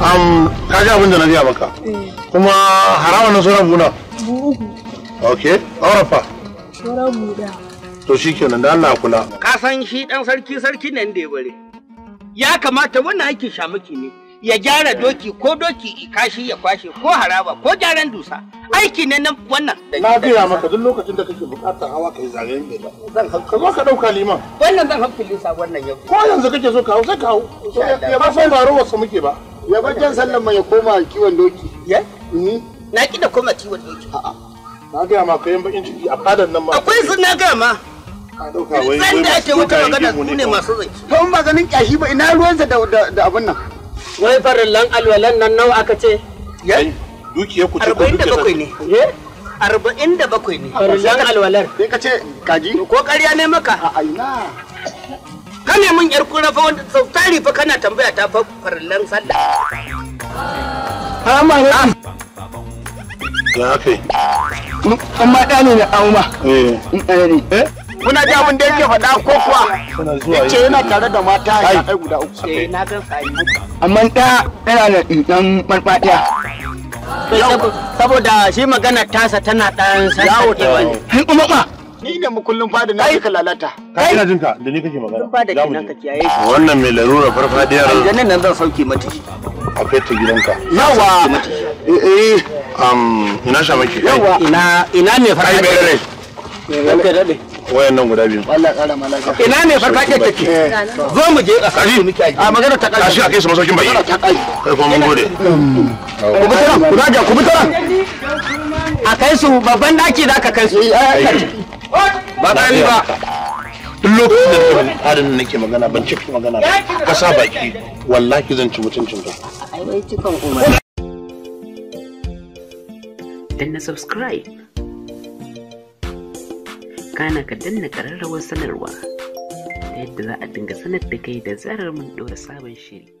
um abin da na biya maka eh. kuma harawa na sauran buna ok aura fa sauran buda to nan da Allah kula ka san shi dan sarki sarki nan da ya bare ya kamata wannan aikin shamaki ne ya gyara doki ko doki kashi ya kwashe ko haraba ko gyaran dusa aiki ne na wannan na biya maka duk lokacin da kake bukatar hawa kai zagayen da zan ka zo ka dauka liman wannan zan hakkulin sa wannan yau ko yanzu kake so ka hau sai ka ya ba san baro wasu muke ba ya bar jan sallan mai ya koma kiwon doki ya na ki da koma kiwon doki a'a na ga ma kayan bakin ciki a fadan nan ma akwai sun na ga ma Zan da ake wata magana su ne masu zai. To in ba ganin kyashi ba ina ruwansa da abin nan. Wai farillan alwalan nan nawa aka ce? Yan? Dukiyar ku ce ko dukiyar ne. Eh? Arba'in da bakwai ne. Farillan alwalar. Sai ka ce kaji? Ko karya ne maka? A aina. ne min yar kura fa wanda sau tari fa kana tambaya ta fa farallan sallah. Amma ne. Ya kai. Amma da ne na amma. Eh. ne. Eh. Kuna ji abin da yake faɗa ko kuwa? Kuna yana tare da mata ya kai guda uku. Eh na ga sai. Amma da yana da dan farfadiya. Saboda shi magana tasa tana ɗan sai Yawo ta wani. Hin kuma ma. Ni da mu kullum fada na ka lalata. Ka ina jinka da ni kake magana. Kullum fada kenan ka kiyaye. shi. Wannan mai larura farfadiyar. Janin nan zan sauke mata shi. A kai ta gidanka. Yawa. Eh eh. um ina sha miki. Yawa ina ina ne farfadiya. Kai bai rai. Kai dade. Wayan nan guda biyu. Allah kara malaka. Ina ne farfadiya take? Eh. Zo mu je a kashi miki ai. A magana ta kai. Kashi a kai su masaukin bai. ta Kai Kai kuma mun gode. Mm. Ku bi taran, ku daga, ku bi taran. A kai su babban daki za ka kai su. ba ɗani ba duk lokacin da nake tsarin nake magana ban ciki magana ba ka sa baki wallahi zan ci mutuncin ka ai wai cikan umar danna subscribe kana ka danna kararrawar sanarwa ta yadda za a dinga sanar da kai da zarar mun ɗora sabon shiri